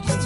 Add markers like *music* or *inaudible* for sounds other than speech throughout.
Franco.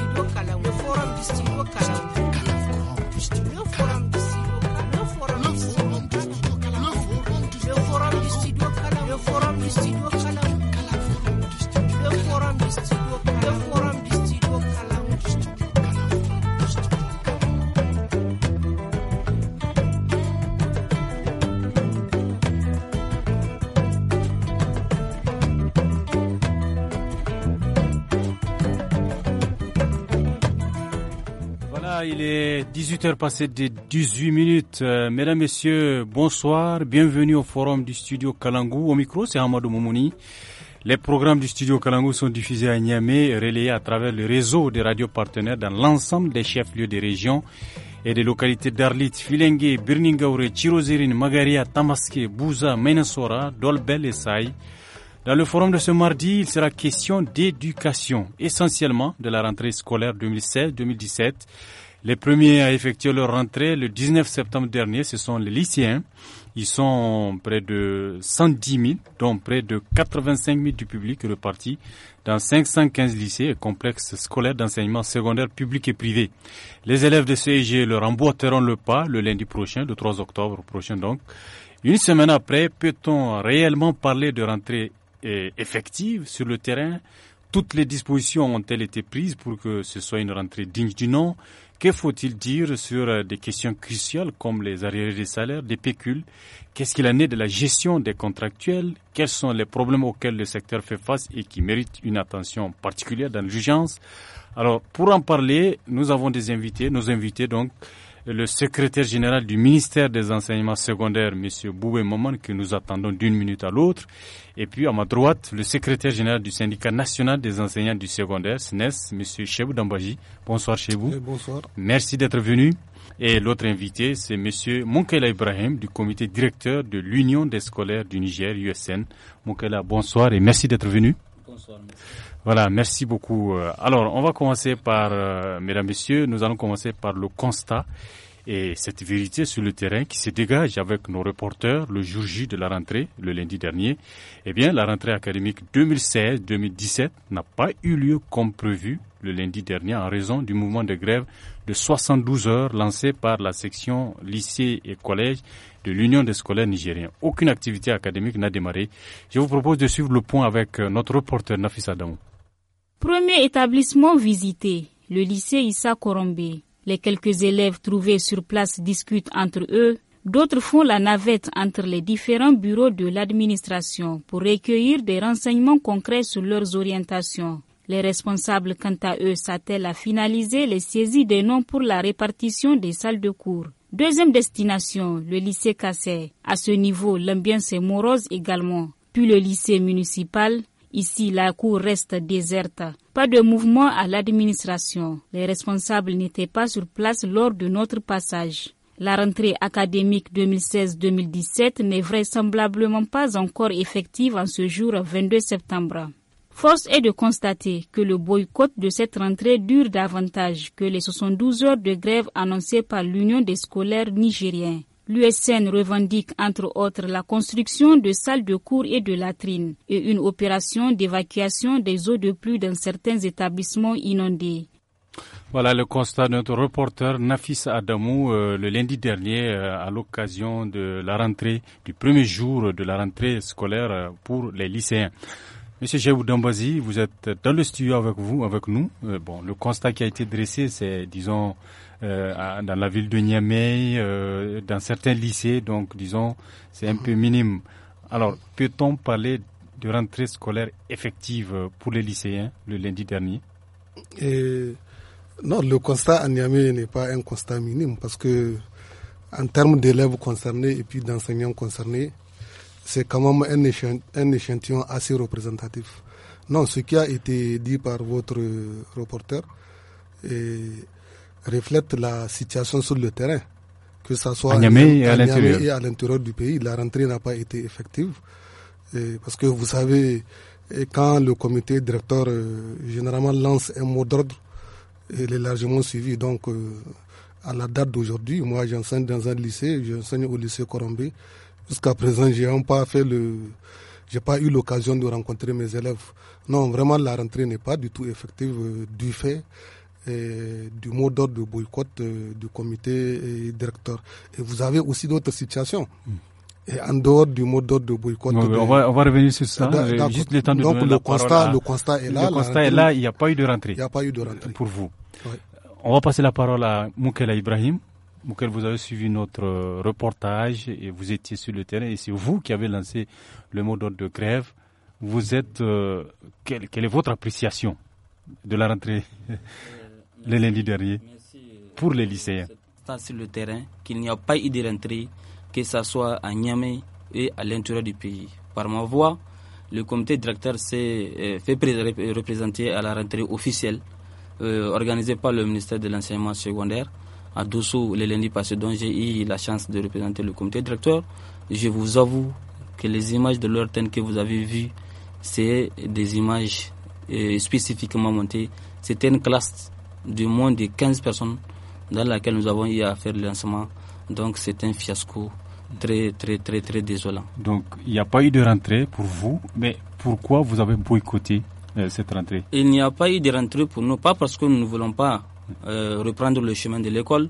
18h passées de 18 minutes. Euh, mesdames, Messieurs, bonsoir. Bienvenue au forum du studio Kalangou. Au micro, c'est Hamadou Moumouni. Les programmes du studio Kalangou sont diffusés à Niamey, relayés à travers le réseau des radios partenaires dans l'ensemble des chefs-lieux des régions et des localités d'Arlit, Filengue, Birningaure, Chirozirine, Magaria, Tamaské, Bouza, Menasora, Dolbel et Saï. Dans le forum de ce mardi, il sera question d'éducation, essentiellement de la rentrée scolaire 2016-2017 les premiers à effectuer leur rentrée le 19 septembre dernier, ce sont les lycéens. Ils sont près de 110 000, dont près de 85 000 du public repartis dans 515 lycées et complexes scolaires d'enseignement secondaire public et privé. Les élèves de CEG leur emboîteront le pas le lundi prochain, le 3 octobre prochain donc. Une semaine après, peut-on réellement parler de rentrée euh, effective sur le terrain Toutes les dispositions ont-elles été prises pour que ce soit une rentrée digne du nom que faut-il dire sur euh, des questions cruciales comme les arriérés des salaires, des pécules Qu'est-ce qu'il en est de la gestion des contractuels Quels sont les problèmes auxquels le secteur fait face et qui méritent une attention particulière dans l'urgence Alors, pour en parler, nous avons des invités, nos invités donc, le secrétaire général du ministère des enseignements secondaires, M. Boubé Momane, que nous attendons d'une minute à l'autre. Et puis à ma droite, le secrétaire général du syndicat national des enseignants du secondaire, SNES, e M. Chebou Dambaji. Bonsoir chez vous. Euh, bonsoir. Merci d'être venu. Et l'autre invité, c'est M. Moukela Ibrahim du comité directeur de l'Union des scolaires du Niger, USN. Moukela, bonsoir et merci d'être venu. Bonsoir. Monsieur. Voilà, merci beaucoup. Euh, alors, on va commencer par, euh, mesdames, messieurs, nous allons commencer par le constat et cette vérité sur le terrain qui se dégage avec nos reporters le jour J de la rentrée, le lundi dernier, eh bien, la rentrée académique 2016-2017 n'a pas eu lieu comme prévu le lundi dernier en raison du mouvement de grève de 72 heures lancé par la section lycée et collège de l'Union des scolaires nigériens. Aucune activité académique n'a démarré. Je vous propose de suivre le point avec euh, notre reporter Nafis Adamou. Premier établissement visité, le lycée Issa Korombe. Les quelques élèves trouvés sur place discutent entre eux. D'autres font la navette entre les différents bureaux de l'administration pour recueillir des renseignements concrets sur leurs orientations. Les responsables, quant à eux, s'attellent à finaliser les saisies des noms pour la répartition des salles de cours. Deuxième destination, le lycée Cassé. À ce niveau, l'ambiance est morose également. Puis le lycée municipal, Ici, la cour reste déserte. Pas de mouvement à l'administration. Les responsables n'étaient pas sur place lors de notre passage. La rentrée académique 2016-2017 n'est vraisemblablement pas encore effective en ce jour 22 septembre. Force est de constater que le boycott de cette rentrée dure davantage que les 72 heures de grève annoncées par l'Union des scolaires nigériens. L'USN revendique entre autres la construction de salles de cours et de latrines et une opération d'évacuation des eaux de pluie dans certains établissements inondés. Voilà le constat de notre reporter Nafis Adamou euh, le lundi dernier euh, à l'occasion de la rentrée, du premier jour de la rentrée scolaire euh, pour les lycéens. Monsieur Jebou vous êtes dans le studio avec vous, avec nous. Euh, bon, le constat qui a été dressé, c'est, disons, euh, dans la ville de Niamey, euh, dans certains lycées, donc, disons, c'est un peu mhm. minime. Alors, peut-on parler de rentrée scolaire effective pour les lycéens le lundi dernier Non, le constat à Niamey n'est pas un constat minime parce que, en termes d'élèves concernés et puis d'enseignants concernés, c'est quand même un, échantillon, assez représentatif. Non, ce qui a été dit par votre reporter et reflète la situation sur le terrain, que ce soit à Niamey et à l'intérieur du pays. La rentrée n'a pas été effective et parce que vous savez, quand le comité directeur euh, généralement lance un mot d'ordre, il est largement suivi. Donc, euh, à la date d'aujourd'hui, moi j'enseigne dans un lycée, j'enseigne au lycée Corombé, Jusqu'à présent, j'ai pas fait le, j'ai pas eu l'occasion de rencontrer mes élèves. Non, vraiment, la rentrée n'est pas du tout effective euh, du fait euh, du mot d'ordre de boycott euh, du comité directeur. Et vous avez aussi d'autres situations. Hmm. Et en dehors du mot d'ordre de boycott. on, va, revenir sur ça. juste le donc le, constat, le constat est là. Le constat est là, il n'y a pas eu de rentrée. Il n'y a pas eu de rentrée. Pour vous. On va passer la parole à Moukela Ibrahim vous avez suivi notre euh, reportage et vous étiez sur le terrain et c'est vous qui avez lancé le mot d'ordre de grève. Vous êtes, euh, quelle, quelle, est votre appréciation de la rentrée euh, *laughs* le lundi dernier pour les lycéens sur le terrain qu'il n'y a pas eu de rentrée, que ce soit à Niamey et à l'intérieur du pays. Par ma voix, le comité directeur s'est fait représenter à la rentrée officielle organisée par le ministère de l'enseignement secondaire à Dosso le lundi passé, dont j'ai eu la chance de représenter le comité directeur. Je vous avoue que les images de l'Orten que vous avez vues, c'est des images euh, spécifiquement montées. C'était une classe de moins de 15 personnes dans laquelle nous avons eu à faire le lancement. Donc c'est un fiasco très, très, très, très désolant. Donc il n'y a pas eu de rentrée pour vous, mais pourquoi vous avez boycotté euh, cette rentrée Il n'y a pas eu de rentrée pour nous, pas parce que nous ne voulons pas euh, reprendre le chemin de l'école.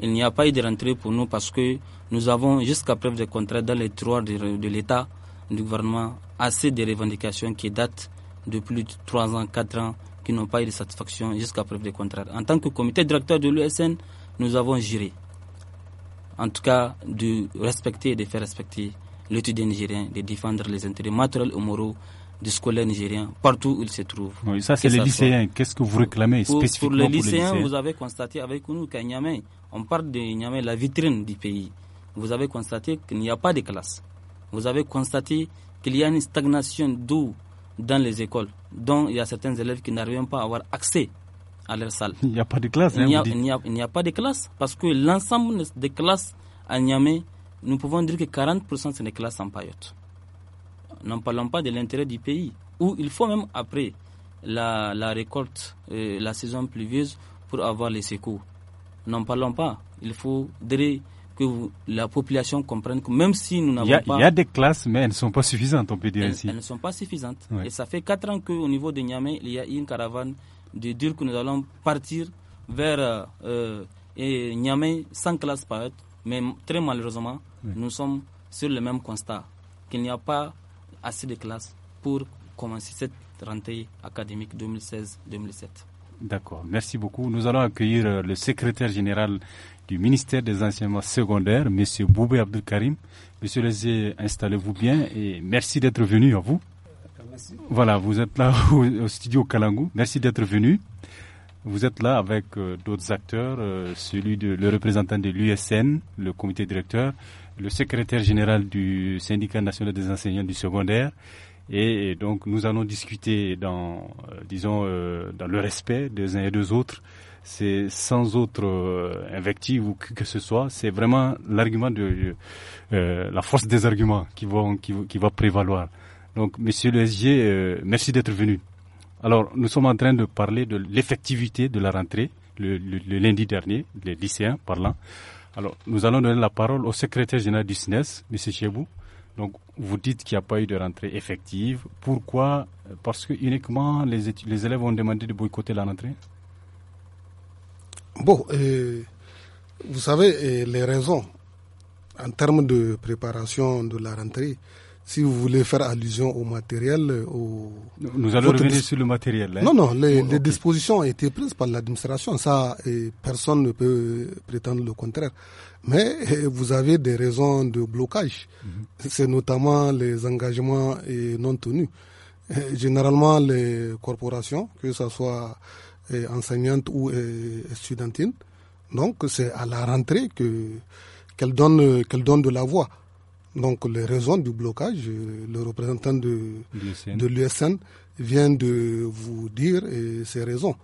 Il n'y a pas eu de rentrée pour nous parce que nous avons, jusqu'à preuve de contraire, dans les trois de, l'État, du gouvernement, assez de revendications qui datent de plus de 3 ans, 4 ans, qui n'ont pas eu de satisfaction jusqu'à preuve de contraire. En tant que comité directeur de l'USN, nous avons géré, en tout cas, de respecter et de faire respecter l'étudiant nigérien, de défendre les intérêts matériels et moraux des scolaire nigérien, partout où il se trouvent. Oui, ça, c'est les lycéens. Qu'est-ce que vous réclamez spécifiquement pour les, lycéens, Vous avez constaté avec nous qu'à Niamey, on parle de Niamey, la vitrine du pays. Vous avez constaté qu'il n'y a pas de classe. Vous avez constaté qu'il y a une stagnation d'eau dans les écoles, dont il y a certains élèves qui n'arrivent pas à avoir accès à leur salle. Il n'y a pas de classe. Hein, il n'y a, pas de classe parce que l'ensemble des classes à Niamey, nous pouvons dire que 40% sont des classes en paillotte n'en parlons pas de l'intérêt du pays, où il faut même après la, la récolte, euh, la saison pluvieuse, pour avoir les secours. N'en parlons pas. Il faudrait que la population comprenne que même si nous n'avons pas... Il y a des classes, mais elles ne sont pas suffisantes, on peut dire elles, Elles ne sont pas suffisantes. Et ça fait 4 ans qu'au niveau de Niamey, il y a une caravane de dire que nous allons partir vers euh, euh Niamey sans classe par Mais très malheureusement, nous sommes sur le même constat, qu'il n'y a pas assez de classes pour commencer cette rentrée académique 2016-2017. D'accord, merci beaucoup. Nous allons accueillir euh, le secrétaire général du ministère des enseignements secondaires, M. Boubé Abdel Karim. Monsieur Lézé, installez-vous bien et merci d'être venu à vous. Voilà, vous êtes là *laughs* au, studio Kalangou. Merci d'être venu. Vous êtes là avec euh, d'autres acteurs, euh, celui de le représentant de l'USN, le comité directeur, le secrétaire général du syndicat national des enseignants du secondaire. Et, donc nous allons discuter dans, euh, disons, euh, dans le respect des uns et des autres. C'est sans autre euh, invective ou que, ce soit. C'est vraiment l'argument de la force des arguments qui vont qui, qui va prévaloir. Donc Monsieur le SG, merci d'être venu. Alors nous sommes en train de parler de l'effectivité de la rentrée le lundi dernier, les lycéens parlant. Alors, nous allons donner la parole au secrétaire général du SNES, e M. Chebou. Donc, vous dites qu'il n'y a pas eu de rentrée effective. Pourquoi Parce que uniquement les, élèves ont demandé de boycotter la rentrée Bon, euh, vous savez, euh, les raisons en termes de préparation de la rentrée, si vous voulez faire allusion au matériel, euh, au... Nous allons revenir sur le matériel. Hein. Non, non, les, oh, dispositions ont été prises par l'administration. Ça, personne ne peut prétendre le contraire. Mais euh, vous avez des raisons de blocage. Mhm. C'est notamment les engagements euh, non tenus. Généralement, les corporations, que ce soit enseignantes ou studentines, donc c'est à la rentrée que qu'elles donnent, qu'elles donnent de la voix. Donc les raisons du blocage, euh, le représentant de, de l'USN vient de vous dire ses raisons.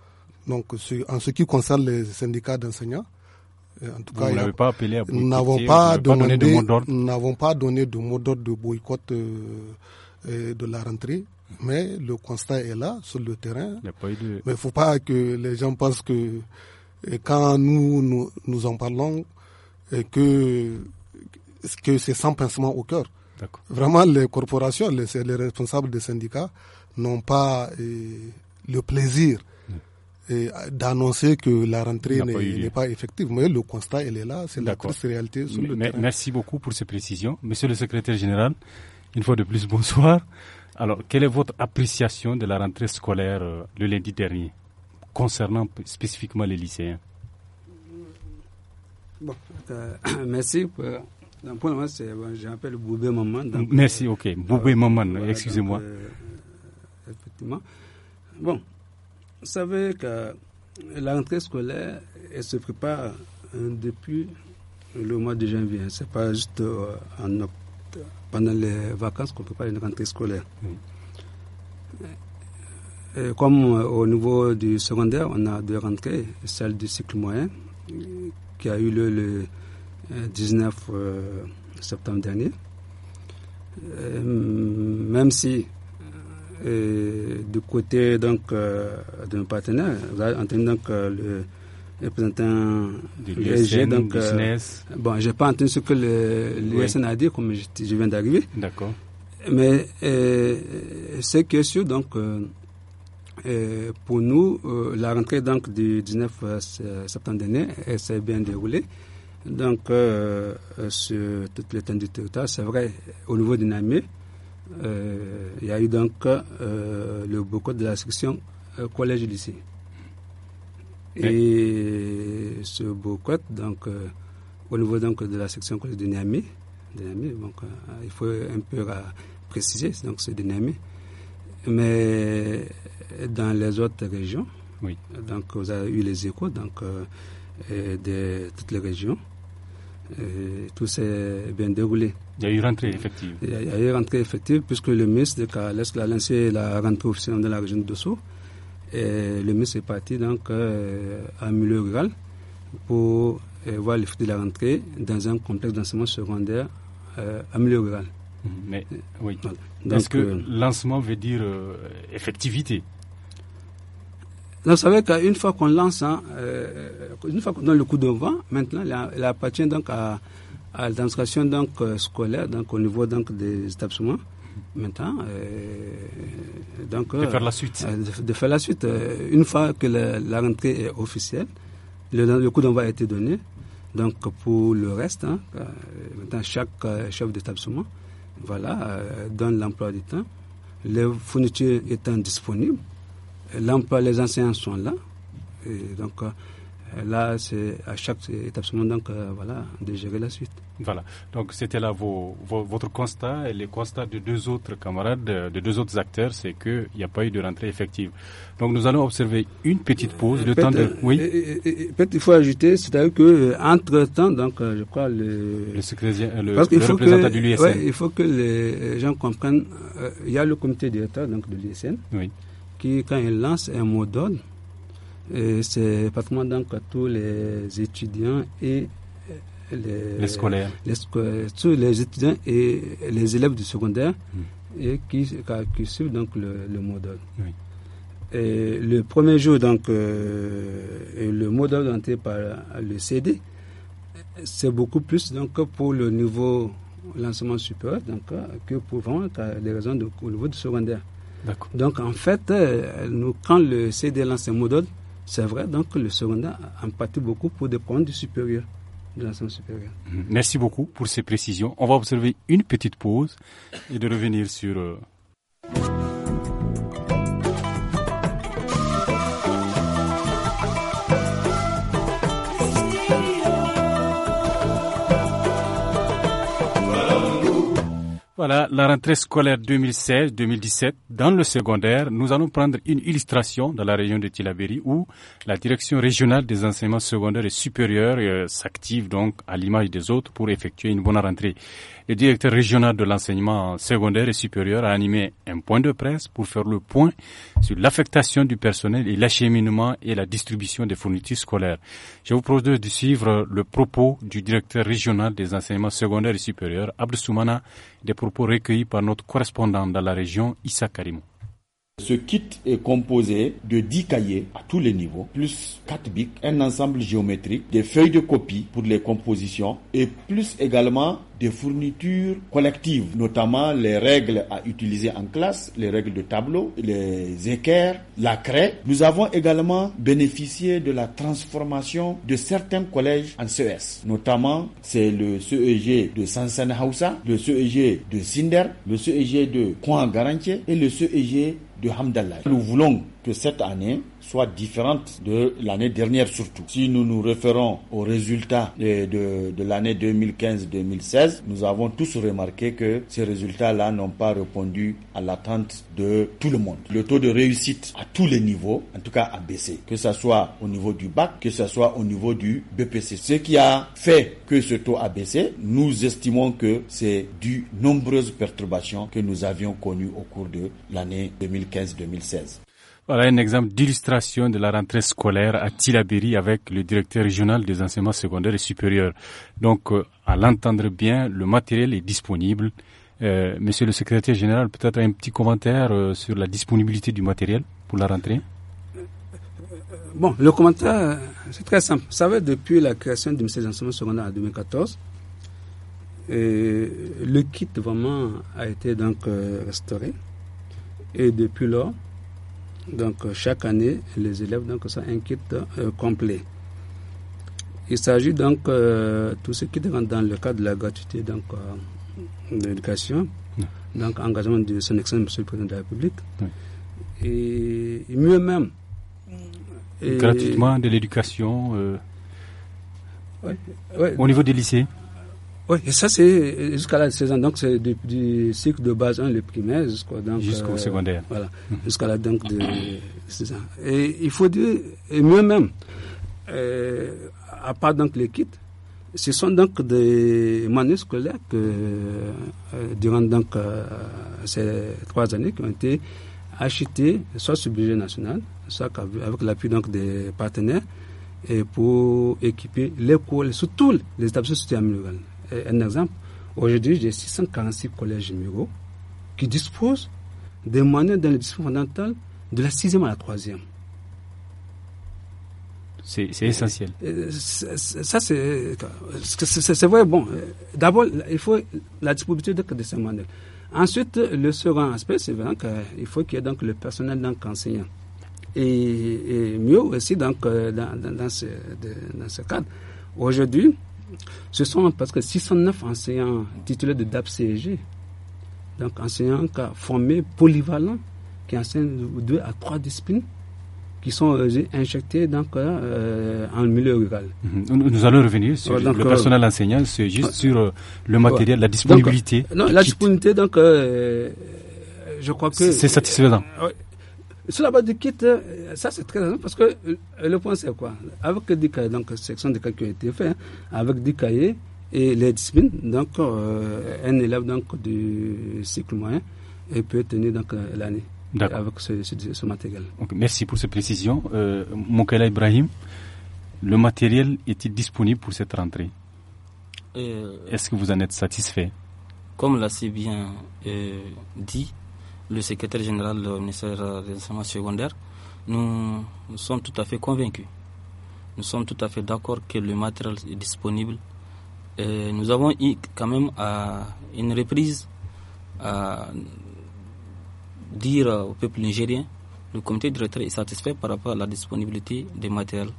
Donc en ce qui concerne les syndicats d'enseignants, euh, en tout cas, nous n'avons pas, donné, n'avons pas donné de mot d'ordre de boycott euh, de la rentrée. Mais le constat est là sur le terrain. Il Mais il ne faut pas que les gens pensent que quand nous, nous, nous en parlons, et que que c'est sans pincement au cœur. Vraiment, les corporations, les, responsables des syndicats n'ont pas euh, le plaisir mm. euh, d'annoncer que la rentrée n'est pas, effective. Mais le constat, elle est là, c'est la triste réalité Merci beaucoup pour ces précisions. Monsieur le secrétaire général, une fois de plus, *laughs* bonsoir. Alors, quelle est votre appréciation de la rentrée scolaire euh, le lundi dernier, concernant spécifiquement les lycéens bon, *clears throat* Merci pour j'appelle Boubé Maman. Merci, ok. Boubé ah, Maman, excusez-moi. Euh, effectivement. Bon, vous savez que la rentrée scolaire, elle se prépare hein, depuis le mois de janvier. C'est pas juste euh, en pendant les vacances qu'on prépare une rentrée scolaire. comme euh, au niveau du secondaire, on a deux rentrées, celle du cycle moyen qui a eu lieu le 19 euh, septembre dernier. Euh, même si euh, du côté donc de nos partenaires, vous avez entendu donc le représentant du SG donc business. bon, j'ai pas entendu ce que le oui. a dit comme je, viens d'arriver. D'accord. Mais c'est que sûr donc pour nous, la rentrée donc du 19 septembre dernier s'est bien déroulée. Donc, euh, euh, sur toute l'étendue du territoire, c'est vrai, au niveau du Namé, euh, il y a eu donc le boycott de la section collège-lycée. Et ce boycott, donc, au niveau de la section collège de donc, il faut un peu préciser, donc c'est Mais dans les autres régions, donc, vous avez eu les échos donc, de toutes les régions tout s'est bien déroulé. Il y a eu rentrée effective. Il y a, eu rentrée effective puisque le ministre de Calais a lancé la rentrée officielle dans la région de Dosso. Et le ministre est parti donc euh, à milieu rural pour euh, voir les fruits de la rentrée dans un complexe d'enseignement secondaire euh, à milieu rural. Mais oui. Est-ce que lancement veut dire effectivité vous savez qu'une fois qu'on lance, hein, euh, une fois qu'on donne le coup de vent, maintenant, il appartient donc à, à l'administration donc, euh, scolaire, donc au niveau donc, des établissements maintenant euh, donc de faire la suite de, faire la suite une fois que la, rentrée est officielle le, coup d'envoi a été donné donc pour le reste hein, maintenant chaque chef d'établissement voilà donne l'emploi du temps les fournitures étant disponibles l'emploi, les enseignants sont là. Et donc, euh, là, c'est à chaque étape donc, euh, voilà, de gérer la suite. Voilà. Donc, c'était là vos, votre constat et les constats de deux autres camarades, de deux autres acteurs, c'est qu'il n'y a pas eu de rentrée effective. Donc, nous allons observer une petite pause, le temps de. Euh, oui. Peut-être il faut ajouter, c'est-à-dire que entre temps, donc, je crois le. secrétaire, le, représentant de l'USN. Oui, il faut que les gens comprennent. Il y a le comité directeur donc de l'USN. Oui quand il lance un mot euh, c'est pratiquement donc à tous les étudiants et euh, les, les scolaires. tous les étudiants et les élèves du secondaire hmm. et qui, qui, suivent donc le, modèle Et le premier jour, donc, euh, le mot d'ordre entré par le CD, c'est beaucoup plus donc, pour le niveau lancement supérieur donc, que pour les raisons au niveau du secondaire. Donc en fait, euh, nous, quand le CD lance un modèle, c'est vrai, donc le secondaire empathie beaucoup pour dépendre du supérieur, de l'enseignement supérieur. Mm-hmm. Merci beaucoup pour ces précisions. On va observer une petite pause et de revenir sur... Euh, Voilà, la rentrée scolaire 2016-2017 dans le secondaire, nous allons prendre une illustration dans la région de Tilaberi où la direction régionale des enseignements secondaires et supérieurs euh, s'active donc à l'image des autres pour effectuer une bonne rentrée. Le directeur régional de l'enseignement secondaire et supérieur a animé un point de presse pour faire le point sur l'affectation du personnel et l'acheminement et la distribution des fournitures scolaires. Je vous propose de suivre le propos du directeur régional des enseignements secondaires et supérieurs, Abdel Soumana des propos recueillis par notre correspondant dans la région, Issa Karimou. Ce kit est composé de 10 cahiers à tous les niveaux, plus 4 bics, un ensemble géométrique, des feuilles de copie pour les compositions et plus également des fournitures collectives, notamment les règles à utiliser en classe, les règles de tableau, les équerres, la craie. Nous avons également bénéficié de la transformation de certains collèges en CES, notamment c'est le CEG de Sansan le CEG de Sinder, le CEG de coin Garantier et le CEG nous voulons que cette année, soit différente de l'année dernière surtout. Si nous nous référons aux résultats de, l'année 2015-2016, nous avons tous remarqué que ces résultats-là n'ont pas répondu à l'attente de tout le monde. Le taux de réussite à tous les niveaux, en tout cas a baissé, que ce soit au niveau du bac, que ce soit au niveau du BPC. Ce qui a fait que ce taux a baissé, nous estimons que c'est dû nombreuses perturbations que nous avions connues au cours de l'année 2015-2016. Voilà un exemple d'illustration de la rentrée scolaire à Tilaberi avec le directeur régional des enseignements secondaires et supérieurs. Donc, euh, à l'entendre bien, le matériel est disponible. Euh, monsieur le secrétaire général, peut-être un petit commentaire euh, sur la disponibilité du matériel pour la rentrée Bon, le commentaire, c'est très simple. Vous savez, depuis la création du ministère des enseignements secondaires en 2014, le kit vraiment a été donc restauré. Et depuis lors, donc euh, chaque année, les élèves donc, sont un kit euh, complet. Il s'agit donc euh, tout ce qui est dans le cadre de la gratuité euh, de l'éducation, donc engagement du son excellence Monsieur le Président de la République. Et, mieux même. gratuitement de l'éducation. Au niveau des lycées oui, et ça, c'est jusqu'à la saison. Donc, c'est du, cycle de base 1, le primaire, jusqu'au euh, secondaire. Voilà, hum. jusqu'à la donc de 16 ans. Et il faut dire, et mieux même, euh, à part donc les kits, ce sont donc des manuels scolaires que, euh, durant donc, ces trois années qui ont été achetés, soit sur le budget national, soit avec l'appui donc des partenaires, et pour équiper l'école surtout les établissements de soutien euh, un exemple. Aujourd'hui, j'ai 646 collèges numéro qui disposent des moyens dans le dispositif fondamental de la sixième à la troisième. C'est essentiel. Euh, ça, c'est c'est vrai. Bon, euh, d'abord, il faut la disponibilité de ces moyens. Ensuite, le second aspect, c'est vraiment qu'il faut qu'il y ait donc le personnel donc enseignant. Et, mieux aussi donc, dans, dans ce cadre. Aujourd'hui, ce sont parce que 609 enseignants titulaires de DAP-CEG, donc enseignants formés polyvalents, qui enseignent deux à trois disciplines, qui sont euh, injectés euh, euh, en milieu rural. Nous allons revenir sur le personnel enseignant, c'est juste sur le matériel, la disponibilité. non, la disponibilité, donc, je crois que. C'est satisfaisant. Sur la base du kit, euh, ça c'est très important parce que euh, le point c'est quoi Avec 10 cahiers, donc section de calculs qui été faits, hein, avec 10 cahiers et les disciplines, donc euh, un élève donc, du cycle moyen et peut tenir l'année avec ce, matériel. merci pour ces précisions. Euh, Ibrahim, le matériel est-il disponible pour cette rentrée Est-ce que vous en êtes satisfait Comme l'a si bien dit, le secrétaire général du ministère de enseignements secondaire, nous, sommes tout à fait convaincus. Nous sommes tout à fait d'accord que le matériel est disponible. nous avons eu quand même à une reprise à dire au peuple nigérien le comité de retrait est satisfait par rapport à la disponibilité des matériels.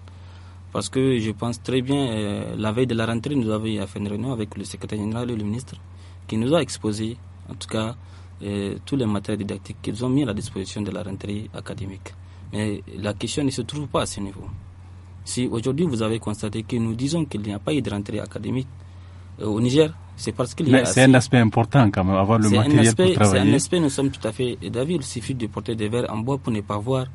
Parce que je pense très bien, euh, la veille de la rentrée, nous avons à fait une réunion avec le secrétaire général et le ministre qui nous a exposé, en tout cas, tous les matériels didactiques qu'ils ont mis à la disposition de la rentrée académique. Mais la question ne se trouve pas à ce niveau. Si aujourd'hui vous avez constaté que nous disons qu'il n'y a pas eu de rentrée académique euh, au Niger, c'est parce qu'il y a. C'est un aspect important quand même, avoir le matériel pour travailler. C'est un aspect, nous sommes tout à fait d'avis. Il suffit de porter des verres en bois pour ne pas voir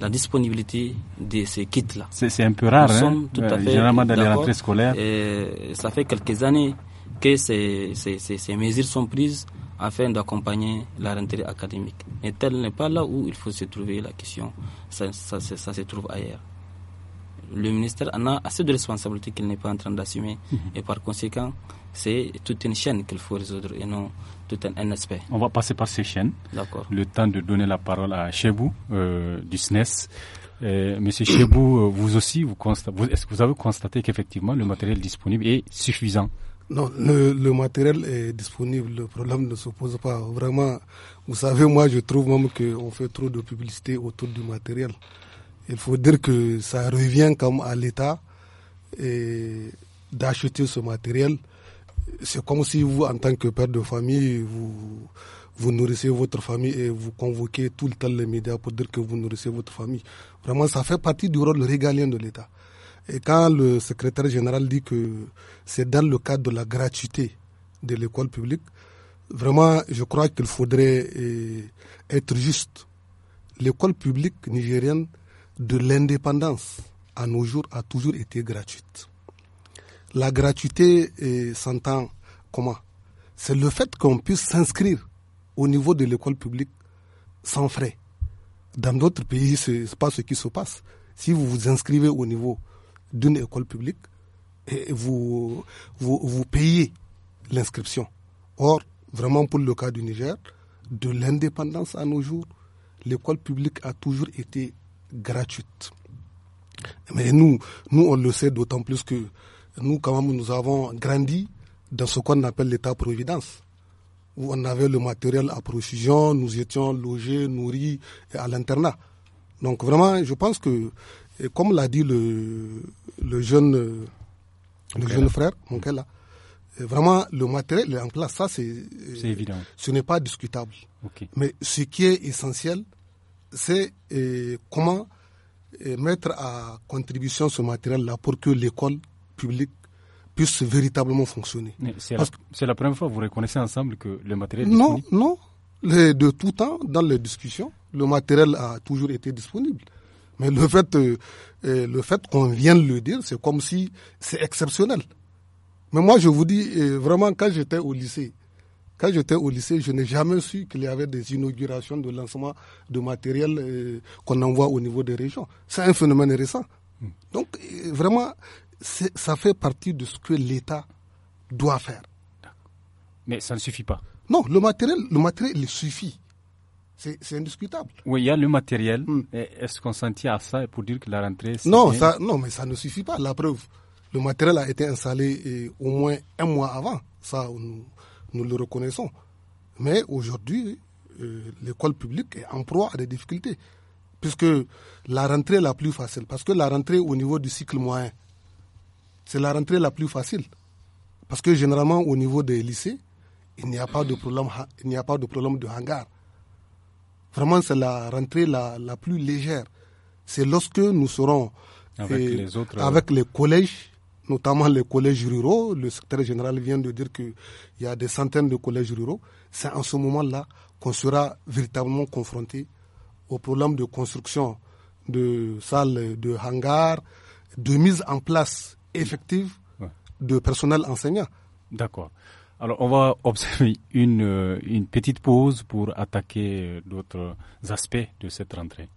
la disponibilité de ces kits-là. C'est un peu rare, hein? sommes tout à euh, fait Généralement dans les rentrées scolaires. Et ça fait quelques années que ces, mesures sont prises afin d'accompagner la rentrée académique. Mais tel n'est pas là où il faut se trouver la question. Ça, se trouve ailleurs. Le ministère en a assez de responsabilités qu'il n'est pas en train d'assumer. Mhm. Et par conséquent, c'est toute une chaîne qu'il faut résoudre et non tout un, aspect. On va passer par ces chaînes. Le temps de donner la parole à Chebou euh, du SNES. E euh, monsieur Chebou, euh, vous aussi, vous, que vous avez constaté qu'effectivement le matériel disponible est suffisant non, le, matériel est disponible, le problème ne se pose pas. Vraiment, vous savez, moi je trouve même qu'on fait trop de publicité autour du matériel. Il faut dire que ça revient comme à l'État d'acheter ce matériel. C'est comme si vous, en tant que père de famille, vous, vous nourrissez votre famille et vous convoquez tout le temps les médias pour dire que vous nourrissez votre famille. Vraiment, ça fait partie du rôle régalien de l'État. Et quand le secrétaire général dit que c'est dans le cadre de la gratuité de l'école publique, vraiment, je crois qu'il faudrait eh, être juste. L'école publique nigérienne de l'indépendance à nos jours a toujours été gratuite. La gratuité eh, s'entend comment C'est le fait qu'on puisse s'inscrire au niveau de l'école publique sans frais. Dans d'autres pays, ce n'est pas ce qui se passe. Si vous vous inscrivez au niveau d'une école publique et vous, vous, payez l'inscription. Or, vraiment pour le cas du Niger, de l'indépendance à nos jours, l'école publique a toujours été gratuite. Mais nous, nous on le sait d'autant plus que nous, quand même, nous avons grandi dans ce qu'on appelle l'État-providence, où on avait le matériel à profusion, nous étions logés, nourris et à l'internat. Donc vraiment, je pense que et comme l'a dit le, le jeune, euh, le jeune frère, là euh, vraiment le matériel est en place. Ça, c'est euh, évident. Ce n'est pas discutable. Mais ce qui est essentiel, c'est comment mettre à contribution ce matériel-là pour que l'école publique puisse véritablement fonctionner. C'est la, première fois que vous reconnaissez ensemble que le matériel est disponible Non, non. de tout temps, dans les discussions, le matériel a toujours été disponible. Mais le fait, euh, euh, le fait qu'on vienne le dire, c'est comme si c'est exceptionnel. Mais moi, je vous dis euh, vraiment, quand j'étais au lycée, quand j'étais au lycée, je n'ai jamais su qu'il y avait des inaugurations de lancement de matériel qu'on envoie au niveau des régions. C'est un phénomène récent. Hmm. Donc, vraiment, ça fait partie de ce que l'État doit faire. Mais ça ne suffit pas. Non, le matériel, le matériel, il suffit. C'est indiscutable. Oui, il y a le matériel. Hmm. Est-ce qu'on s'en à ça pour dire que la rentrée... Non, ça, non, mais ça ne suffit pas, la preuve. Le matériel a été installé eh, au moins un mois avant. Ça, nous, le reconnaissons. Mais aujourd'hui, eh, l'école publique est en proie à des difficultés. Puisque la rentrée la plus facile, parce que la rentrée au niveau du cycle moyen, c'est la rentrée la plus facile. Parce que généralement, au niveau des lycées, il n'y a pas de problème, il n'y a pas de problème de hangar. Vraiment, c'est la rentrée la, la plus légère. C'est lorsque nous serons euh, euh, avec, les, collèges, notamment les collèges ruraux. Le secrétaire général vient de dire qu'il y a des centaines de collèges ruraux. C'est en ce moment-là qu'on sera véritablement confronté au problème de construction de salles, de hangars, de mise en place effective de personnel enseignant. D'accord. Alors, on va observer une, euh, une petite pause pour attaquer d'autres aspects de cette rentrée.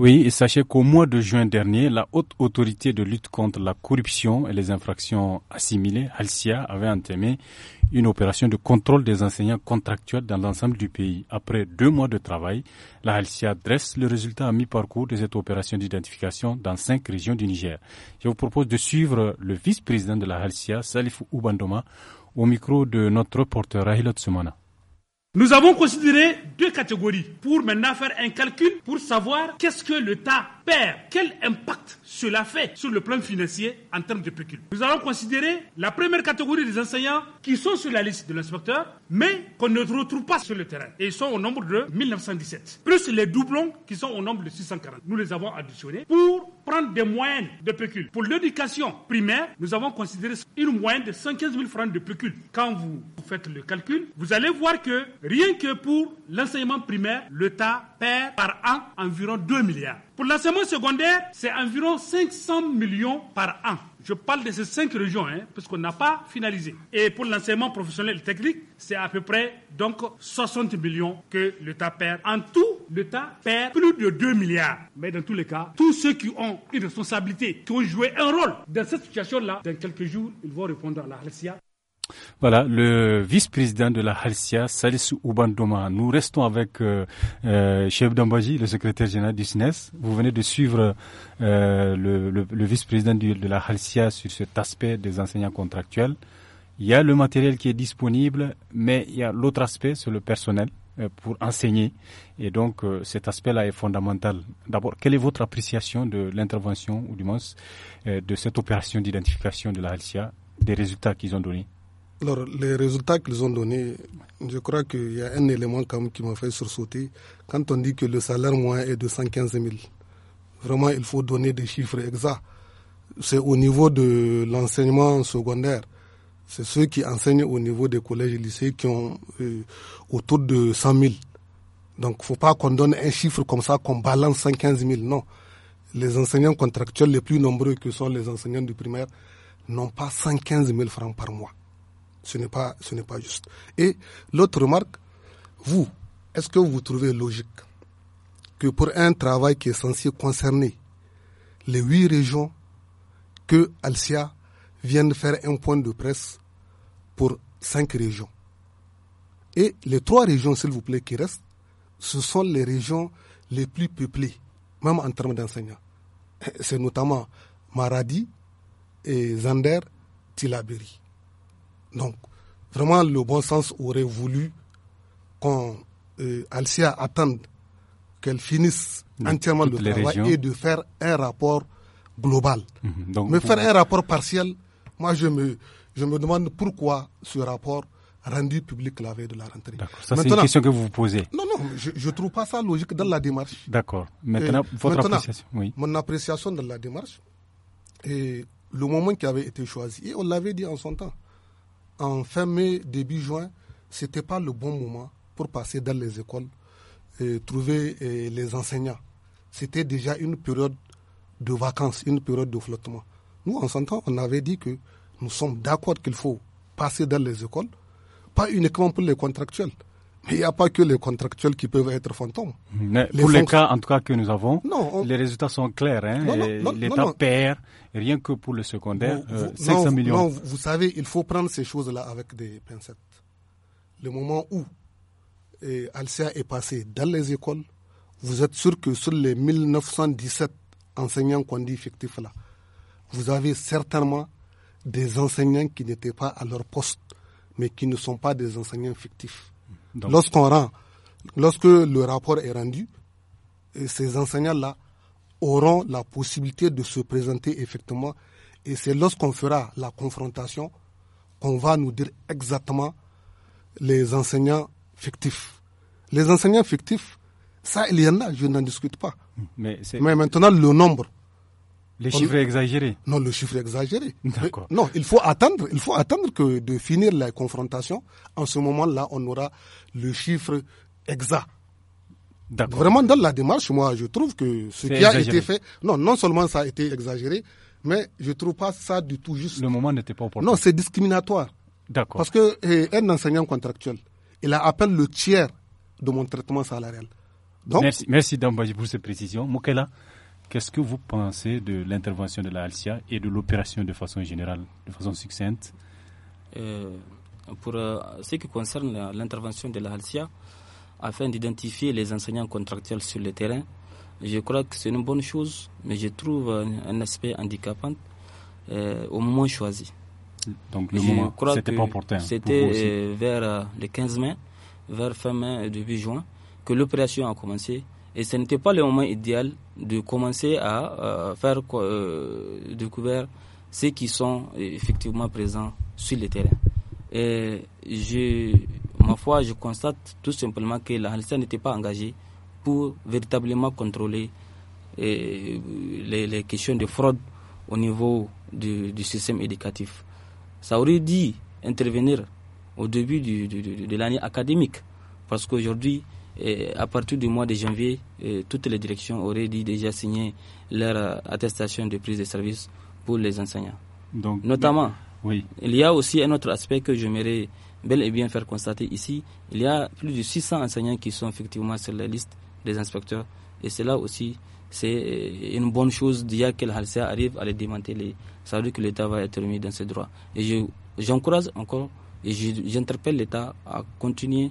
Oui, et sachez qu'au mois de juin dernier, la haute autorité de lutte contre la corruption et les infractions assimilées, Alcia, avait entamé une opération de contrôle des enseignants contractuels dans l'ensemble du pays. Après deux mois de travail, la Alcia dresse le résultat à mi-parcours de cette opération d'identification dans cinq régions du Niger. Je vous propose de suivre le vice-président de la Alcia, Salif Oubandoma, au micro de notre reporter Rahilot Soumana. Nous avons considéré deux catégories pour maintenant faire un calcul pour savoir qu'est-ce que l'État perd, quel impact cela fait sur le plan financier en termes de pécule. Nous allons considérer la première catégorie des enseignants qui sont sur la liste de l'inspecteur, mais qu'on ne retrouve pas sur le terrain. Et ils sont au nombre de 1917, plus les doublons qui sont au nombre de 640. Nous les avons additionnés pour prendre des moyens de pécule. Pour l'éducation primaire, nous avons considéré une moyenne de 115 000 francs de pécule. Quand vous faites le calcul, vous allez voir que rien que pour l'enseignement primaire, l'État perd par an environ 2 milliards. Pour l'enseignement secondaire, c'est environ 500 millions par an. Je parle de ces cinq régions, hein, puisqu'on n'a pas finalisé. Et pour l'enseignement professionnel et technique, c'est à peu près donc 60 millions que l'État perd. En tout, l'État perd plus de 2 milliards. Mais dans tous les cas, tous ceux qui ont une responsabilité, qui ont joué un rôle dans cette situation-là, dans quelques jours, ils vont répondre à la Halsia. Voilà, le vice-président de la Halcia, Salissou Oubandoma. Nous restons avec euh, euh, Dambaji, le secrétaire général du SNES. E Vous venez de suivre euh, le, vice-président de la Halsia sur cet aspect des enseignants contractuels. Il y a le matériel qui est disponible, mais il y a l'autre aspect, sur le personnel. Euh, pour enseigner. Et donc, euh, cet aspect-là est fondamental. D'abord, quelle est votre appréciation de l'intervention, ou du moins, euh, de cette opération d'identification de la Halcia, des résultats qu'ils ont donnés Alors, les résultats qu'ils ont donnés, je crois qu'il y a un élément quand qui m'a fait sursauter. Quand on dit que le salaire moyen est de 115 000, vraiment, il faut donner des chiffres exacts. C'est au niveau de l'enseignement secondaire. C'est ceux qui enseignent au niveau des collèges et lycées qui ont euh, autour de 100 000. Donc, faut pas qu'on donne un chiffre comme ça, qu'on balance 115 000. Non. Les enseignants contractuels les plus nombreux que sont les enseignants du primaire n'ont pas 115 000 francs par mois. Ce n'est pas, ce n'est pas juste. Et l'autre remarque, vous, est-ce que vous trouvez logique que pour un travail qui est censé concerner les huit régions que Alcia viennent faire un point de presse pour cinq régions. Et les trois régions, s'il vous plaît, qui restent, ce sont les régions les plus peuplées, même en termes d'enseignants. *laughs* C'est notamment Maradi, et Zander, Tilaberi. Donc, vraiment, le bon sens aurait voulu qu'on euh, attende qu'elle finisse entièrement le travail et de faire un rapport global. Mhm. Mais faire un rapport partiel, moi, je me, je me demande pourquoi ce rapport rendu public la veille de la rentrée. c'est une question que vous vous posez. Non, non, je ne trouve pas ça logique dans la démarche. D'accord. Maintenant, votre appréciation. Oui. Mon appréciation de la démarche et le moment qui avait été choisi, et on l'avait dit en son temps, en fin mai, début juin, ce n'était pas le bon moment pour passer dans les écoles et trouver les enseignants. C'était déjà une période de vacances, une période de flottement en on avait dit que nous sommes d'accord qu'il faut passer dans les écoles, pas uniquement pour les contractuels. Mais il n'y a pas que les contractuels qui peuvent être fantômes. pour les cas, en tout cas, que nous avons, les résultats sont clairs. Hein. L'État perd, rien que pour le secondaire, 500 euh, millions. vous savez, il faut prendre ces choses-là avec des pincettes. Le moment où eh, Alcia est passé dans les écoles, vous êtes sûr que sur les 1917 enseignants qu'on dit effectifs là, vous avez certainement des enseignants qui n'étaient pas à leur poste, mais qui ne sont pas des enseignants fictifs. Lorsqu'on rend, lorsque le rapport est rendu, ces enseignants-là auront la possibilité de se présenter effectivement, et c'est lorsqu'on fera la confrontation qu'on va nous dire exactement les enseignants fictifs. Les enseignants fictifs, ça, il y en a, je n'en discute pas. Mais, mais maintenant, le nombre, les chiffres exagérés Non, le chiffre exagéré. D'accord. non, il faut attendre, il faut attendre que de finir la confrontation. En ce moment-là, on aura le chiffre exact. D'accord. Vraiment, dans la démarche, moi, je trouve que ce qui a été fait, non, non seulement ça a été exagéré, mais je trouve pas ça du tout juste. Le moment n'était pas opportun. Non, c'est discriminatoire. D'accord. Parce que eh, un enseignant contractuel, il a appelé le tiers de mon traitement salarial. Donc, merci, merci Dambaji pour ces précisions. Moukela, Qu'est-ce que vous pensez de l'intervention de la Alcia et de l'opération de façon générale, de façon succincte euh, Pour euh, ce qui concerne l'intervention de la Alcia, afin d'identifier les enseignants contractuels sur le terrain, je crois que c'est une bonne chose, mais je trouve un, aspect handicapant euh, au moment choisi. Donc le moment, c'était pas opportun. C'était vers le 15 mai, vers fin mai et début juin, que l'opération a commencé et ce n'était pas le moment idéal de commencer à euh, faire euh, découvrir ceux qui sont euh, effectivement présents sur le terrain. Et je, ma foi, je constate tout simplement que la n'était pas engagée pour véritablement contrôler les, questions de fraude au niveau du, système éducatif. Ça aurait dû intervenir au début de l'année académique, parce qu'aujourd'hui, et à partir du mois de janvier, euh, toutes les directions auraient dû déjà signé leur euh, attestation de prise de service pour les enseignants. Donc, Notamment, oui. il y a aussi un autre aspect que j'aimerais bel et bien faire constater ici. Il y a plus de 600 enseignants qui sont effectivement sur la liste des inspecteurs. Et cela aussi, c'est euh, une bonne chose d'IA que le arrive à les démanteler. Ça veut dire que l'État va être remis dans ses droits. Et j'encourage encore et j'interpelle l'État à continuer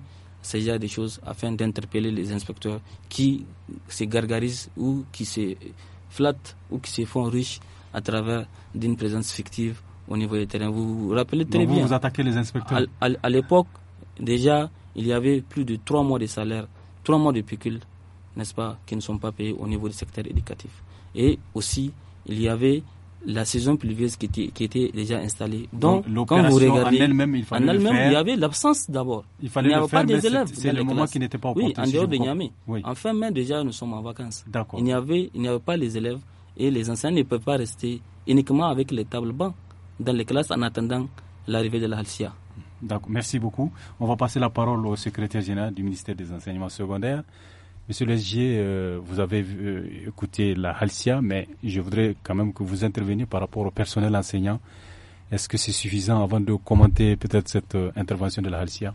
déjà des choses afin d'interpeller les inspecteurs qui se gargarisent ou qui se flattent ou qui se font riches à travers d'une présence fictive au niveau des terrains. Vous vous rappelez très bien. Vous, vous attaquez les inspecteurs. À, l'époque, déjà, il y avait plus de trois mois de salaire, trois mois de pécule, n'est-ce pas, qui ne sont pas payés au niveau du secteur éducatif. Et aussi, il y avait la saison pluvieuse qui était, qui était déjà installée. Donc, quand vous regardez, en elle-même, il, fallait en elle -même, il y avait l'absence d'abord. Il fallait n'y avait pas des élèves. C'est le moment qui n'était pas Oui, en dehors de Niamey. En fin mai, déjà, nous sommes en vacances. Il n'y avait, il n'y avait pas les élèves et les enseignants ne peuvent pas rester uniquement avec les tables bancs dans les classes en attendant l'arrivée de la Halcia. D'accord, merci beaucoup. On va passer la parole au secrétaire général du ministère des enseignements secondaires. Monsieur Légier, euh, vous avez euh, écouté la Halcia, mais je voudrais quand même que vous interveniez par rapport au personnel enseignant. Est-ce que c'est suffisant avant de commenter peut-être cette euh, intervention de la Halcia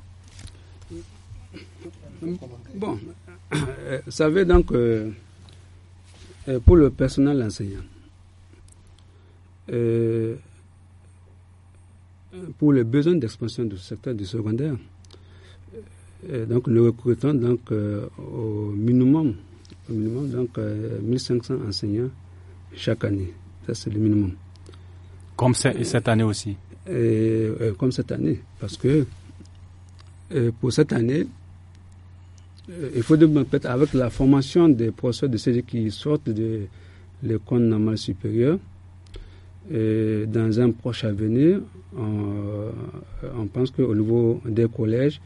Bon, *coughs* vous savez donc, pour le personnel enseignant, pour les besoins d'expansion du secteur du secondaire, euh, donc nous recrutons donc euh, au minimum, minimum donc 1500 euh, enseignants chaque année. Ça c'est le minimum. Comme cette année aussi. comme cette année, parce que pour cette année, il faut de peut-être avec la formation des professeurs de ceux qui sortent de l'école normale supérieure, dans un proche avenir, on, on pense qu'au niveau des collèges,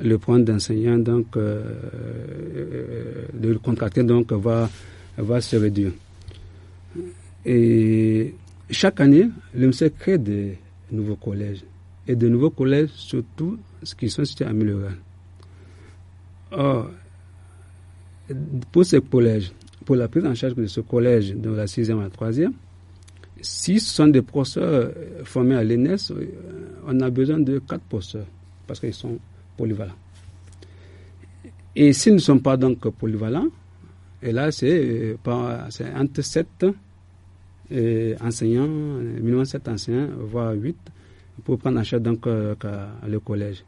le point d'enseignant, donc, euh, euh, de le contracter, donc, va, va se réduire. Et chaque année, le crée de nouveaux collèges, et de nouveaux collèges, surtout ceux qui sont situés à Or, pour ces collèges, pour la prise en charge de ce collège de la 6 à la 3 si ce sont des professeurs euh, formés à l'ENES, on a besoin de quatre professeurs parce qu'ils sont polyvalents. Et s'ils ne sont pas donc polyvalents, et là c'est euh, entre 7 euh, enseignants, euh, minimum 7 enseignants, voire 8, pour prendre en charge donc le collège.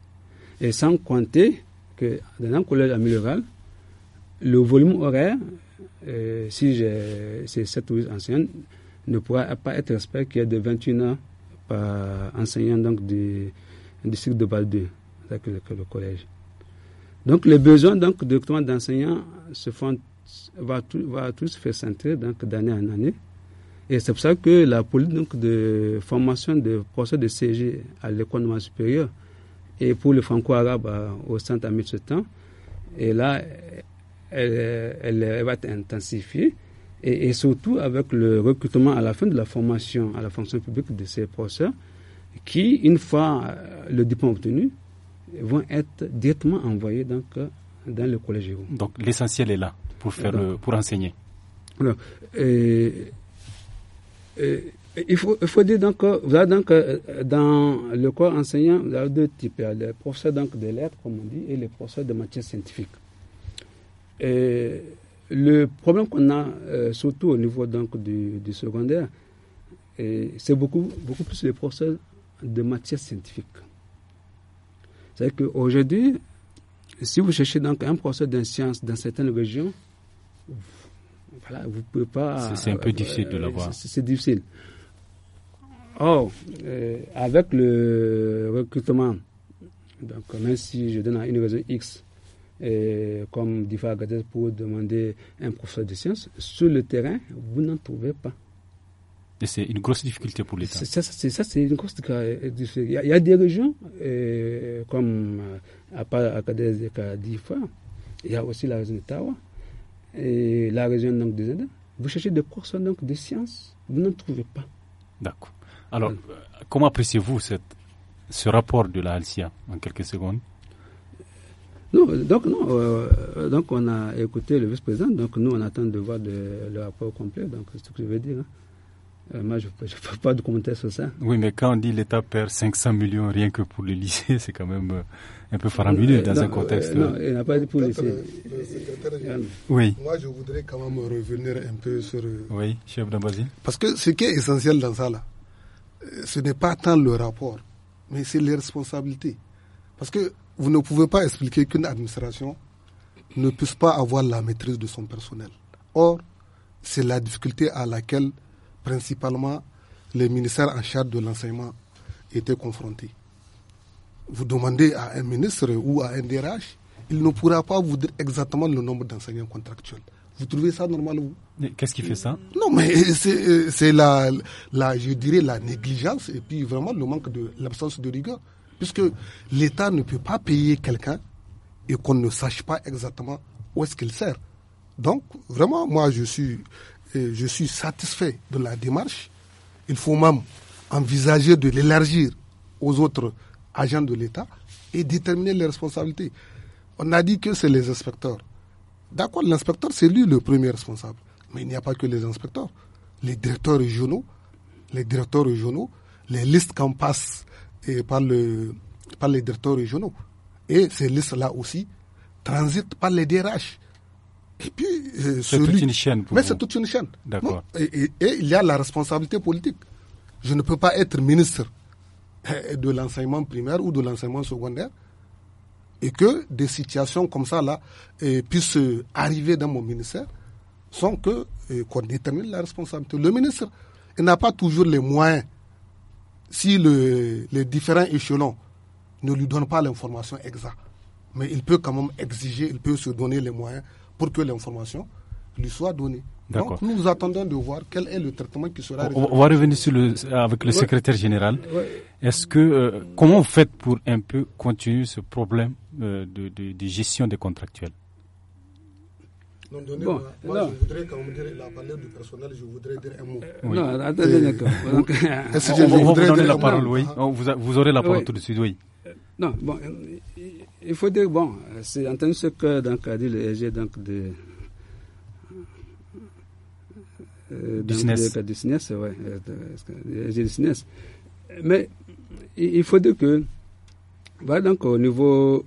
Et sans compter que dans un collège amélioral le volume horaire, si j'ai ces 7 ou 8 enseignants, ne pourra pas être respecté qui est de 21 heures par enseignant donc du district de Baldeux que, le collège. Donc les besoins donc directement d'enseignants se font va, va tous se centrer donc d'année en année. Et c'est pour ça que la politique de formation de professeurs de CG à l'école noire supérieure et pour le franco-arabe euh, au centre à temps et là, elle, va être intensifiée, et, et, surtout avec le recrutement à la fin de la formation à la fonction publique de ces professeurs, qui, une fois euh, le diplôme obtenu, vont être directement envoyés donc, euh, dans le collège. Donc l'essentiel est là pour, faire le, pour enseigner. Euh, euh, il faut, il faut dire donc, vous donc dans le corps enseignant, y a deux types. Les professeurs donc de lettres, comme on dit, et les professeurs de matières scientifiques. le problème qu'on a, surtout au niveau donc du, secondaire, c'est beaucoup, beaucoup plus les professeurs de matières scientifiques. C'est qu'aujourd'hui, si vous cherchez donc un professeur de sciences dans certaines régions, voilà, vous pouvez pas. C'est un peu difficile de euh, l'avoir. C'est difficile. Or, euh, avec le recrutement, donc même si je donne à une région X, euh, comme Difa Agadez pour demander un professeur de sciences, sur le terrain, vous n'en trouvez pas c'est une grosse difficulté pour l'État. Ça, c'est une grosse difficulté. Il y a, des régions, euh, comme euh, à part Akadez et Kadifa, il y a aussi la région de Tawa, et la région donc, des Vous cherchez des courses donc, de sciences, vous n'en trouvez pas. D'accord. Alors, euh, comment appréciez-vous ce rapport de la Alcia en quelques secondes non, donc, non, donc on a écouté le vice-président, donc nous on attend de voir le rapport complet, donc c'est ce que je veux dire. Hein. Euh, moi, je ne peux pas commenter sur ça. Oui, mais quand on dit l'État perd 500 millions rien que pour les lycées, *laughs* c'est quand même euh, un peu faramineux euh, dans un contexte. non, il n'a pas dit pour les lycées. oui. Moi, je voudrais quand même revenir un peu sur. Oui, chef d'ambassade. Parce que ce qui est essentiel dans ça, là, ce n'est pas tant le rapport, mais c'est les responsabilités. Parce que vous ne pouvez pas expliquer qu'une administration ne puisse pas avoir la maîtrise de son personnel. Or, c'est la difficulté à laquelle principalement les ministères en charge de l'enseignement étaient confrontés. Vous demandez à un ministre ou à un DRH, il ne pourra pas vous dire exactement le nombre d'enseignants contractuels. Vous trouvez ça normal, vous Qu'est-ce qui fait ça Non, mais euh, c'est la, la, je dirais, la négligence et puis vraiment le manque de l'absence de rigueur. Puisque l'État ne peut pas payer quelqu'un et qu'on ne sache pas exactement où est-ce qu'il sert. Donc, vraiment, moi, je suis je suis satisfait de la démarche. Il faut même envisager de l'élargir aux autres agents de l'État et déterminer les responsabilités. On a dit que c'est les inspecteurs. D'accord, l'inspecteur, c'est lui le premier responsable. Mais il n'y a pas que les inspecteurs. Les directeurs régionaux, les directeurs régionaux, les listes qu'on passe eh, par, le, par les directeurs régionaux. Et ces listes-là aussi transitent par les DRH. Euh, c'est toute une chaîne. mais c'est toute une chaîne. D'accord. Et, il y a la responsabilité politique. Je ne peux pas être ministre euh, de l'enseignement primaire ou de l'enseignement secondaire et que des situations comme ça là euh, puissent arriver dans mon ministère sans que qu'on détermine la responsabilité. Le ministre, n'a pas toujours les moyens si les différents échelons ne lui donnent pas l'information exacte. Mais il peut quand même exiger, il peut se donner les moyens pour que l'information lui soit donnée. Donc nous attendons de voir quel est le traitement qui sera. On, va revenir sur le, avec le secrétaire général. Est-ce que euh, comment vous faites pour un peu continuer ce problème euh, de, gestion des contractuels non, moi je voudrais, quand me dirait la parole du personnel, je voudrais dire un mot. Euh, non, attendez, vous donner la parole, ah. Vous, aurez la parole tout de suite, oui. Non, bon, euh, il faut dire, bon, euh, c'est entendu ce que donc, a dit le EG donc, de, euh, du SNES. Du le euh, du SNES. Mais il faut dire que, voilà, donc au niveau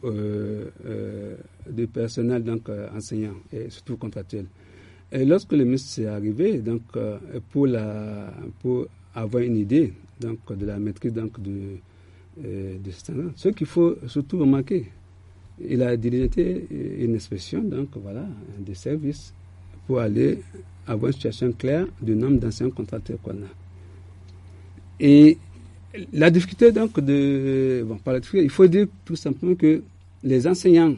du personnel donc, enseignant et surtout contractuel, et lorsque le ministre est arrivé, donc, pour, la, pour avoir une idée donc, de la maîtrise donc, du euh, Ce qu'il faut surtout remarquer, il a dirigé euh, une expression donc voilà, des services pour aller avoir une situation claire du nombre d'anciens contracteurs qu'on a. Et la difficulté, donc, de. Bon, par la difficulté, il faut dire tout simplement que les enseignants,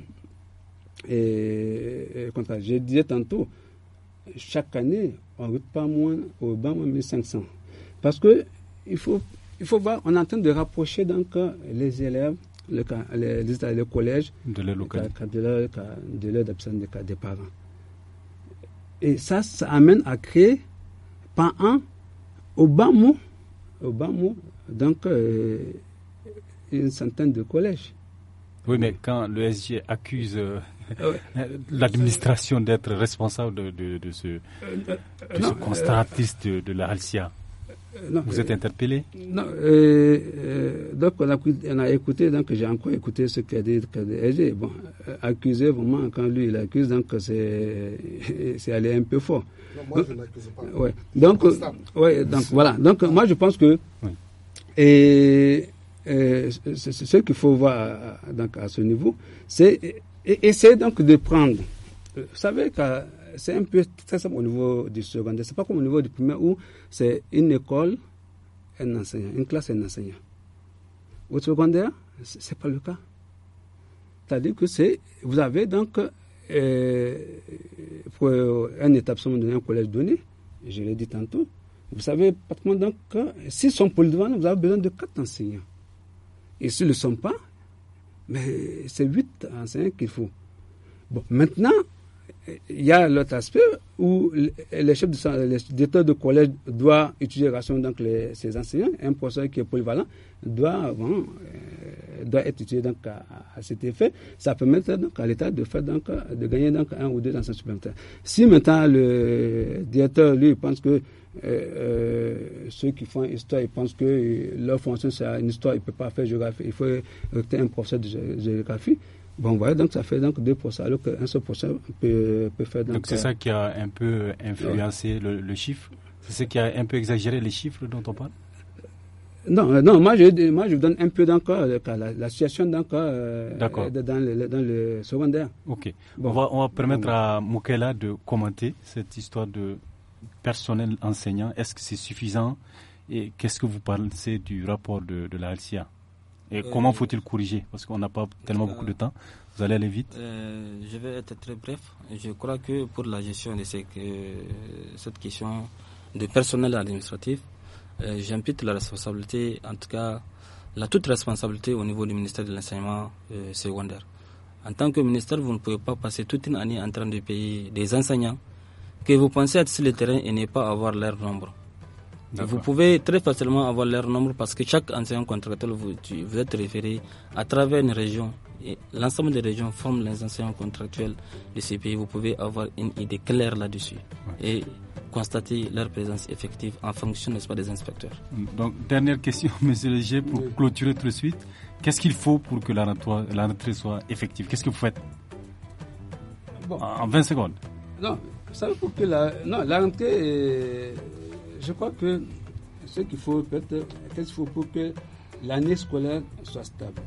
et, euh, je disais tantôt, chaque année, on ne pas moins, au bas moins 1500. Parce que il faut il faut voir, on est en train de rapprocher donc euh, les élèves, le, les, les, collèges, de leur, de, de, de des parents. Et ça, ça amène à créer, par un au bas mot, donc euh, une centaine de collèges. Oui, mais quand le SG accuse euh, ah *laughs* l'administration d'être responsable de, ce, de de, la Alcia. Euh, Vous êtes euh, interpellé Non. Euh, donc, on a, écouté, donc j'ai encore écouté ce qu'a dit Bon, accusé, vraiment, quand lui, il accuse, donc c'est *laughs* aller un peu fort. moi, donc, pas. Ouais. Donc, voilà. Donc, moi, je pense que. Et, ce qu'il faut voir donc, à ce niveau, c'est essayer donc de prendre. Vous savez qu'à c'est un peu très simple au niveau du secondaire. C'est pas comme au niveau du primaire où c'est une école, un enseignant, une classe, un enseignant. Au secondaire, c'est pas le cas. C'est-à-dire que c'est, vous avez donc euh, pour un établissement donné, un collège donné, je l'ai dit tantôt, vous savez pratiquement donc que s'ils sont devant, vous avez besoin de quatre enseignants. Et s'ils ne le sont pas, mais c'est huit enseignants qu'il faut. Bon, maintenant, il y a l'autre aspect où les chefs de collège doit étudier donc les, ses enseignants. Un professeur qui est polyvalent doit, euh, doit être étudié donc, à, cet effet. Ça permet donc, à l'État de, donc, de gagner donc, un ou deux enseignants supplémentaires. Si maintenant le directeur, lui, pense que euh, euh, ceux qui font histoire, ils pensent que leur fonction, c'est une histoire, ils ne peuvent pas faire géographie, il faut recruter un professeur de géographie Bon, voilà, donc ça fait donc 2%, alors qu'un seul peut, peut faire. Donc, c'est euh, ça qui a un peu influencé le, chiffre C'est ce qui a un peu exagéré les chiffres dont on parle non, euh, non, moi je, moi je vous donne un peu d'encore euh, la, la, situation d'encore dans, le, secondaire. Ok. Bon. On, va, on va permettre à Moukela de commenter cette histoire de personnel enseignant. Est-ce que c'est suffisant et qu'est-ce que vous pensez du rapport de, de la LCA et euh, comment faut-il corriger Parce qu'on n'a pas tellement beaucoup de temps. Vous allez aller vite. Euh, je vais être très bref. Je crois que pour la gestion de euh, cette question de personnel administratif, j'impute la responsabilité, en tout cas la toute responsabilité au niveau du ministère de l'enseignement secondaire. En tant que ministère, vous ne pouvez pas passer toute une année en train de payer des enseignants que vous pensez être sur le terrain et ne pas avoir leur nombre. Vous pouvez très facilement avoir leur nombre parce que chaque enseignant contractuel vous, êtes référé à travers une région. Et l'ensemble des régions forment les enseignants contractuels de ces pays. Vous pouvez avoir une idée claire là-dessus. Et constater leur présence effective en fonction, n'est-ce pas, des inspecteurs. Donc, dernière question, *laughs* monsieur Léger, pour clôturer tout de suite. Qu'est-ce qu'il faut pour que la rentrée, soit effective Qu'est-ce que vous faites En 20 secondes. Non, la, rentrée je crois que ce qu'il faut peut-être, qu'est-ce qu'il faut pour que l'année scolaire soit stable.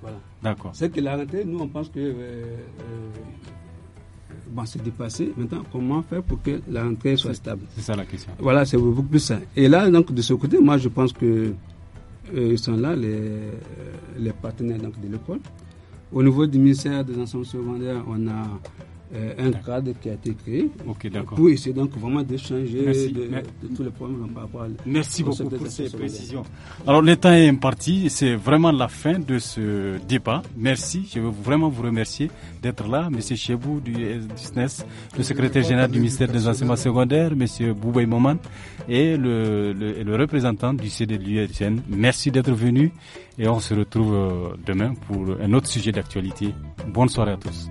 Voilà. D'accord. C'est que la rentrée, nous, on pense que euh, euh, c'est dépassé. Maintenant, comment faire pour que la rentrée soit stable C'est ça la question. Voilà, c'est beaucoup plus ça. Et là, donc, de ce côté, moi, je pense que euh, sont là, les, les partenaires donc, de l'école. Au niveau du ministère des enseignements secondaires, on a euh, un cadre qui a été créé Oui, pour essayer donc vraiment d'échanger De, tous les problèmes Merci beaucoup pour ces précisions. Alors le temps est imparti, c'est vraiment la fin de ce débat. Merci, je veux vraiment vous remercier d'être là, Monsieur Chebou du, SNES, le secrétaire général du ministère des enseignements secondaires, Monsieur Boubaï Moman et le, représentant du CD de l'USN. Merci d'être venu et on se retrouve euh, demain pour un autre sujet d'actualité. Bonne soirée à tous.